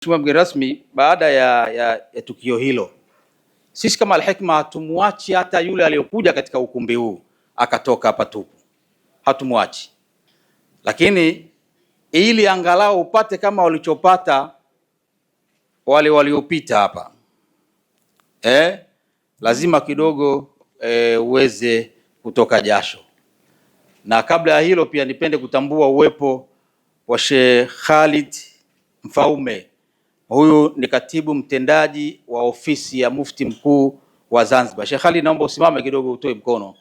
Mheshimiwa mgeni rasmi, baada ya, ya, ya tukio hilo, sisi kama alhikma hatumwachi hata yule aliyokuja katika ukumbi huu akatoka hapa tupu, hatumwachi. Lakini ili angalau upate kama walichopata wale waliopita hapa eh, lazima kidogo eh, uweze kutoka jasho. Na kabla ya hilo pia nipende kutambua uwepo wa Sheikh Khalid Mfaume Huyu ni katibu mtendaji wa ofisi ya mufti mkuu wa Zanzibar. Sheikh Ali, naomba usimame kidogo utoe mkono.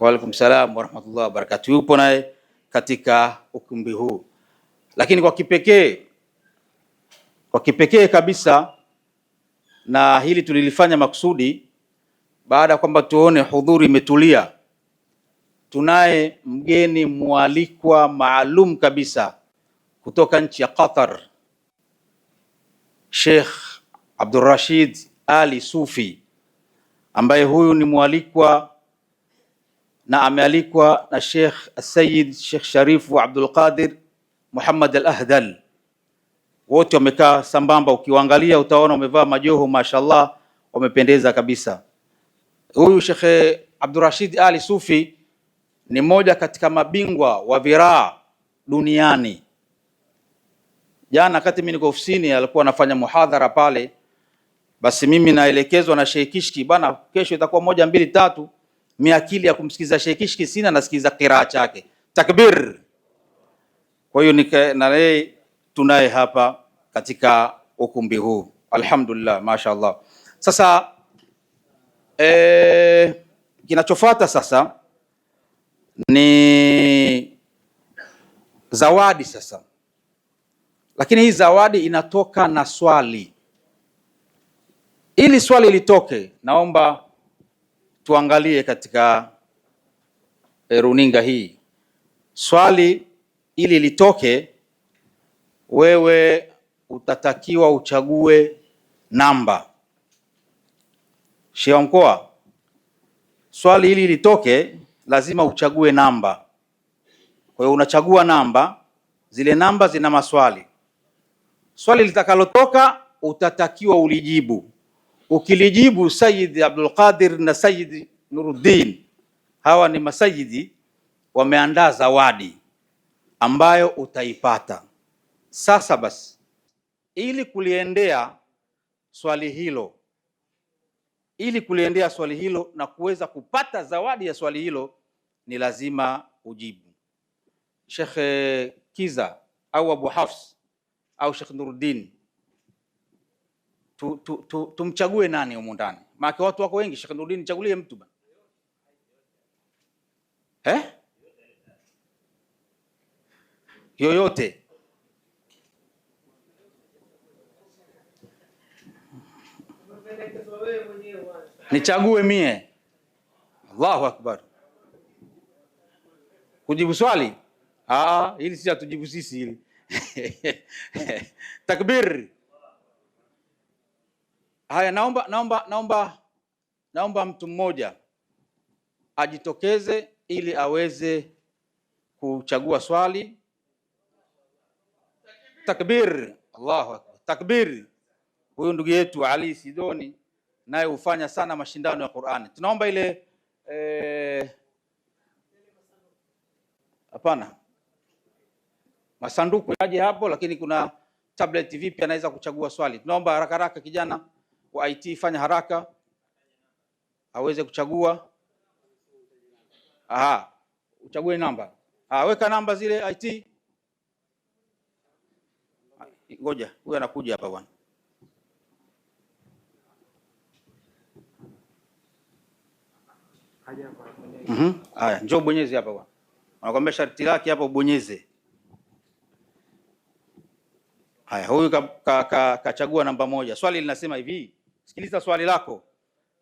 Wa alaikum salam warahmatullahi wabarakatuh. Yupo naye katika ukumbi huu, lakini kwa kipekee kwa kipekee kabisa, na hili tulilifanya makusudi baada ya kwamba tuone hudhuri imetulia. Tunaye mgeni mwalikwa maalum kabisa kutoka nchi ya Qatar Sheikh Abdurrashid Ali Sufi ambaye huyu ni mwalikwa na amealikwa na Sheikh Sayyid Sheikh Sharifu Abdul Qadir Muhammad Al Ahdal, wote wamekaa sambamba. Ukiwaangalia utaona wamevaa majoho, mashallah, wamependeza kabisa. Huyu Sheikh Abdurrashid Ali Sufi ni mmoja katika mabingwa wa viraa duniani Jana kati mimi niko ofisini, alikuwa anafanya muhadhara pale, basi mimi naelekezwa na Sheikh Kishki, bana, kesho itakuwa moja mbili tatu. mi akili ya kumsikiza Sheikh Kishki sina, nasikiza kiraa chake takbir. Kwa hiyo na yeye tunaye hapa katika ukumbi huu, alhamdulillah, mashaallah. Sasa e, kinachofuata sasa ni zawadi sasa lakini hii zawadi inatoka na swali. Ili swali litoke, naomba tuangalie katika eh, runinga hii swali, ili litoke, wewe utatakiwa uchague namba. shia wa mkoa, swali ili litoke, lazima uchague namba. Kwa hiyo unachagua namba, zile namba zina maswali swali litakalotoka utatakiwa ulijibu. Ukilijibu, Sayyid Abdul Qadir na Sayyid Nuruddin, hawa ni masayidi, wameandaa zawadi ambayo utaipata. Sasa basi, ili kuliendea swali hilo ili kuliendea swali hilo na kuweza kupata zawadi ya swali hilo ni lazima ujibu. Shekhe Kiza au Abu Hafs au Sheikh Nuruddin, tu, tu, tu, tumchague nani humu ndani? Maana watu wako wengi. Sheikh Nuruddin chagulie mtu bana eh? yoyote nichague mie. Allahu akbar! Kujibu swali? Ah, hili si hatujibu sisi hili takbir. Haya, naomba naomba naomba naomba mtu mmoja ajitokeze ili aweze kuchagua swali. Takbir, Allahu akbar, takbir. Huyu ndugu yetu Ali Sidoni naye hufanya sana mashindano ya Qur'ani. Tunaomba ile eh, hapana eh, masanduku yaje hapo, lakini kuna tablet vipi anaweza kuchagua swali. Tunaomba haraka haraka, kijana wa IT fanya haraka aweze kuchagua. Aha, uchague namba. Ah, weka namba zile IT. Ngoja, huyu anakuja hapa bwana. Mhm, haya, mm -hmm. Njoo bonyeze hapa bwana, anakuambia sharti lake hapo, bonyeze. Haya, huyu kachagua ka, ka, ka namba moja. Swali linasema hivi, sikiliza swali lako.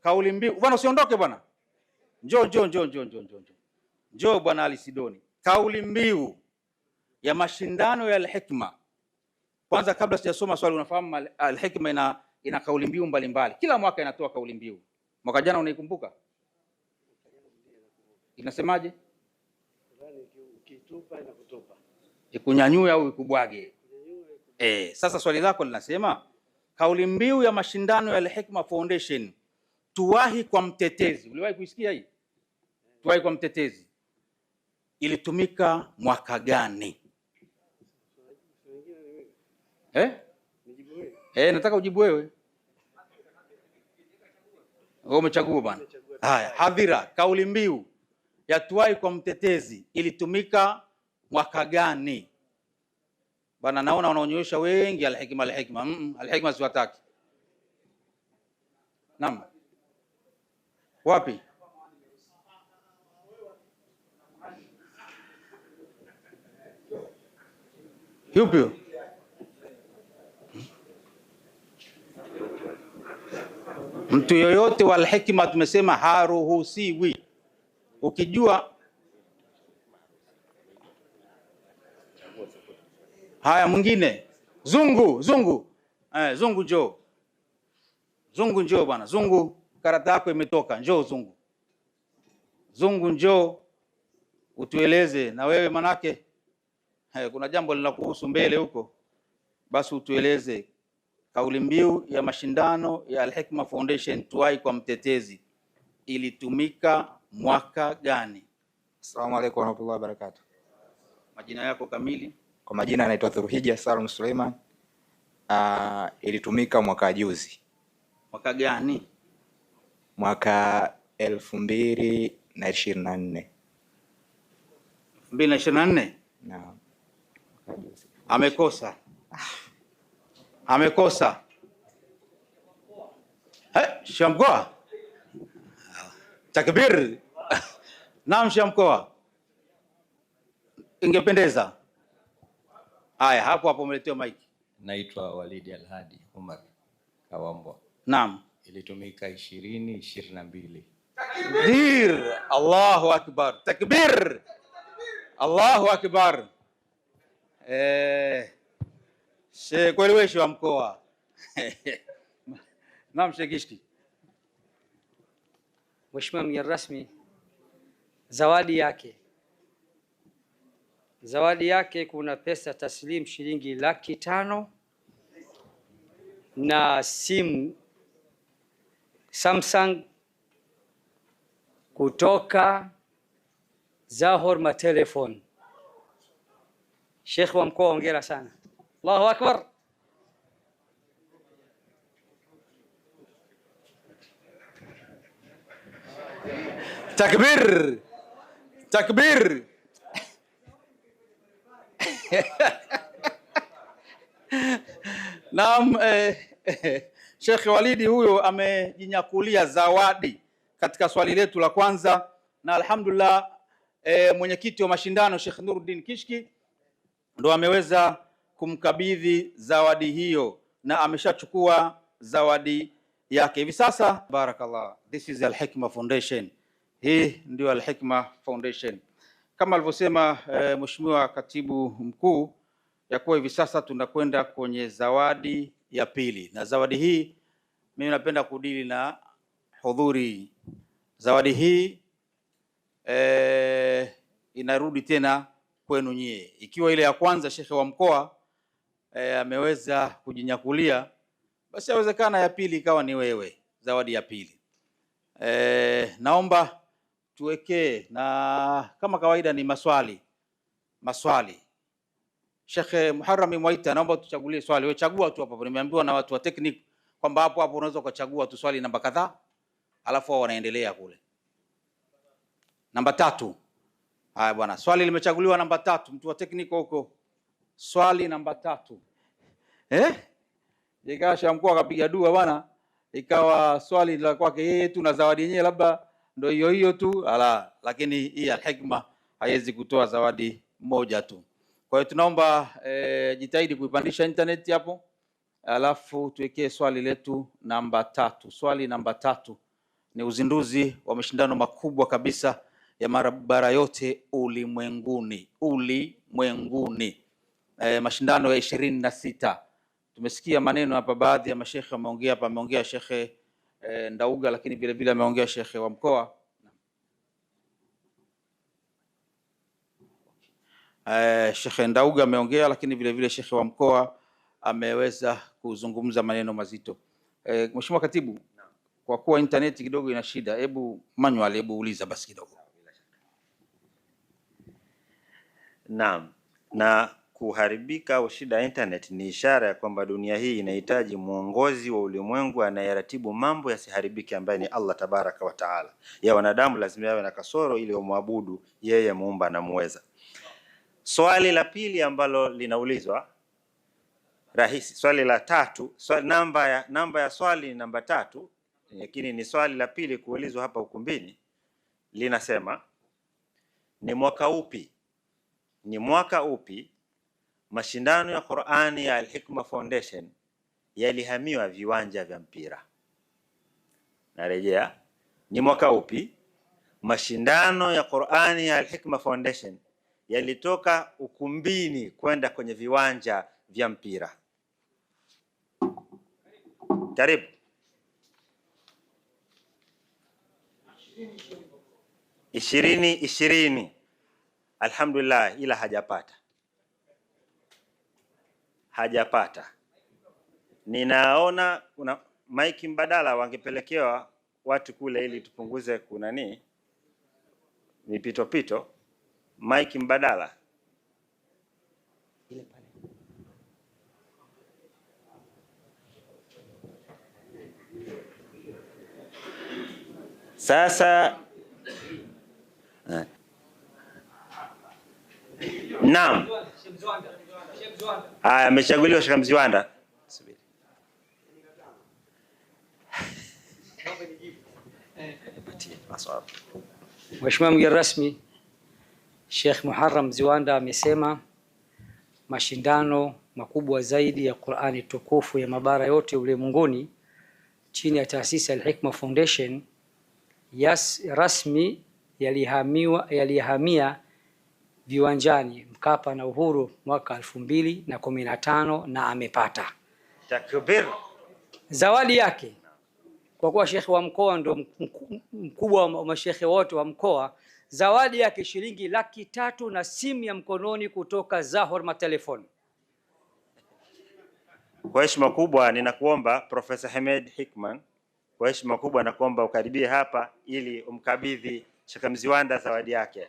Kauli mbiu bwana, usiondoke bwana, njoo njoo njoo njoo njoo njoo njoo bwana Ali Sidoni. Kauli mbiu ya mashindano ya Alhikma. Kwanza kabla sijasoma swali, unafahamu Alhikma ina, ina kauli mbiu mbalimbali, kila mwaka inatoa kauli mbiu. Mwaka jana unaikumbuka, inasemaje? Yaani Ikunyanyue au ikubwage E, sasa swali lako linasema kauli mbiu ya mashindano ya Al-Hikma Foundation tuwahi kwa mtetezi. Uliwahi kuisikia hii? Tuwahi kwa mtetezi ilitumika mwaka gani? Eh? Eh, nataka ujibu wewe. Wewe umechagua bwana. Haya, hadhira, kauli mbiu ya tuwahi kwa mtetezi ilitumika mwaka gani? Bana, naona wanaonyesha wengi alhikma alhikma, mm, alhikma siwataki. Naam, wapi? Yupi? Mtu yoyote wa alhikma tumesema haruhusiwi. Ukijua Haya, mwingine zungu zungu, eh, zungu njoo, zungu njoo bwana, zungu karata yako imetoka, njoo zungu, zungu njoo utueleze na wewe manake, eh, kuna jambo linakuhusu mbele huko, basi utueleze. Kauli mbiu ya mashindano ya Al Hikma Foundation tuwai kwa mtetezi ilitumika mwaka gani? Asalamu alaykum warahmatullahi wabarakatuh. Majina yako kamili? Kwa majina anaitwa thuruhija Salum Suleiman. Uh, ilitumika mwaka juzi. Mwaka gani? Mwaka elfu mbili na ishirini na nne. elfu mbili na ishirini na nne? Naam. Amekosa, amekosa eh, Shia mkoa, takbir! Naam, Shia mkoa, ingependeza Haya, hapo hapo umeletewa maiki. Naitwa Walidi Alhadi Umar Kawambwa. Naam, ilitumika ishirini ishirini mbili. Takbir! Allahu akbar! Takbir! Allahu akbar! Eh, kweli Welweshi wa mkoa Naam, Sheikh Kishki. Mheshimiwa mgeni rasmi, zawadi yake Zawadi yake kuna pesa taslimu shilingi laki tano na simu Samsung kutoka Zahor Matelefon. Sheikh wa mkoa, hongera sana. Allahu akbar. Takbir. Takbir. Naam, eh, eh, Sheikh Walidi huyo amejinyakulia zawadi katika swali letu la kwanza, na alhamdulillah eh, mwenyekiti wa mashindano Sheikh Nuruddin Kishki ndo ameweza kumkabidhi zawadi hiyo na ameshachukua zawadi yake hivi sasa. Barakallah, this is Al Hikma Foundation. Hii ndio Al Hikma Foundation. Kama alivyosema e, Mheshimiwa Katibu Mkuu ya kuwa hivi sasa tunakwenda kwenye zawadi ya pili, na zawadi hii mimi napenda kudili na hudhuri. Zawadi hii e, inarudi tena kwenu nyie, ikiwa ile ya kwanza shekhe wa mkoa eh, ameweza kujinyakulia, basi yawezekana ya pili ikawa ni wewe, zawadi ya pili e, naomba tuwekee, na kama kawaida ni maswali maswali. Shekhe Muharram Mwaita, naomba tuchagulie swali. Wewe chagua tu hapo, nimeambiwa na watu wa technique kwamba hapo hapo unaweza ukachagua tu swali namba kadhaa, alafu wao wanaendelea kule. Namba tatu. Haya bwana, swali limechaguliwa namba tatu, mtu wa technique huko. Swali namba tatu. Eh? Ikawa shamkuu akapiga dua bwana, ikawa swali la kwake yeye tu na zawadi yenyewe labda ndo hiyo hiyo tu ala, lakini hii hikma haiwezi kutoa zawadi moja tu. Kwa hiyo tunaomba e, jitahidi kuipandisha intaneti hapo, alafu tuwekee swali letu namba tatu. Swali namba tatu ni uzinduzi wa mashindano makubwa kabisa ya barabara yote ulimwenguni ulimwenguni, e, mashindano ya ishirini na sita. Tumesikia maneno hapa, baadhi ya mashekhe wameongea hapa, ameongea shekhe e, Ndauga, lakini vile vile ameongea shekhe wa mkoa e, shekhe Ndauga ameongea, lakini vile vile shekhe wa mkoa ameweza kuzungumza maneno mazito. E, Mheshimiwa Katibu, kwa kuwa intaneti kidogo ina shida, hebu manual, hebu uliza basi kidogo. Naam, na kuharibika au shida ya internet ni ishara ya kwamba dunia hii inahitaji mwongozi wa ulimwengu anayeratibu mambo yasiharibike, ambaye ni Allah tabaraka wa taala. Ya wanadamu lazima yawe na kasoro ili wamwabudu yeye muumba na muweza. Swali la pili ambalo linaulizwa rahisi, swali la tatu swali, namba ya, namba ya swali ni namba tatu, lakini ni swali la pili kuulizwa hapa ukumbini. Linasema ni mwaka upi ni mwaka upi Mashindano ya Qur'ani ya Al-Hikma Foundation yalihamiwa viwanja vya mpira. Narejea, ni mwaka upi? Mashindano ya Qur'ani ya Al-Hikma Foundation yalitoka ukumbini kwenda kwenye viwanja vya mpira. Karibu. ishirini ishirini, alhamdulillah, ila hajapata hajapata. Ninaona kuna maiki mbadala wangepelekewa watu kule, ili tupunguze kunani mipitopito, maiki mbadala Sasa eh. naam. Haya, amechaguliwa Sheikh Mziwanda. Mheshimiwa mgeni rasmi, Sheikh Muharram Mziwanda amesema mashindano makubwa zaidi ya Qur'ani tukufu ya mabara yote ulimwenguni chini ya taasisi Al-Hikma Foundation yas rasmi yalihamia viwanjani Mkapa na Uhuru mwaka elfu mbili na kumi na tano na amepata Zawadi yake kwa kuwa shekhe wa mkoa ndo mkubwa wa mashekhe wote wa mkoa, zawadi yake shilingi laki tatu na simu ya mkononi kutoka Zahor Kwa heshima kubwa ninakuomba Profesa Hamed Hikman, kwa heshima kubwa nakuomba ukaribie hapa ili umkabidhi Shekhe Mziwanda zawadi yake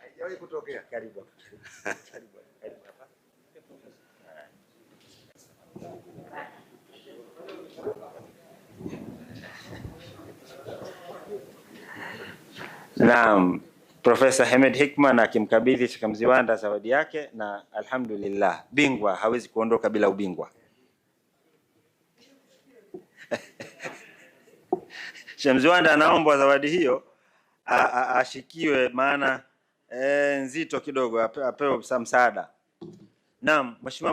haijawahi kutokea. Karibu karibu karibu hapa. Naam, Profesa Hemed Hikman akimkabidhi Sheikh Mziwanda zawadi yake, na alhamdulillah, bingwa hawezi kuondoka bila ubingwa. Sheikh Mziwanda anaombwa zawadi hiyo ashikiwe maana e, nzito kidogo, apewe msaada. Naam, mheshimiwa.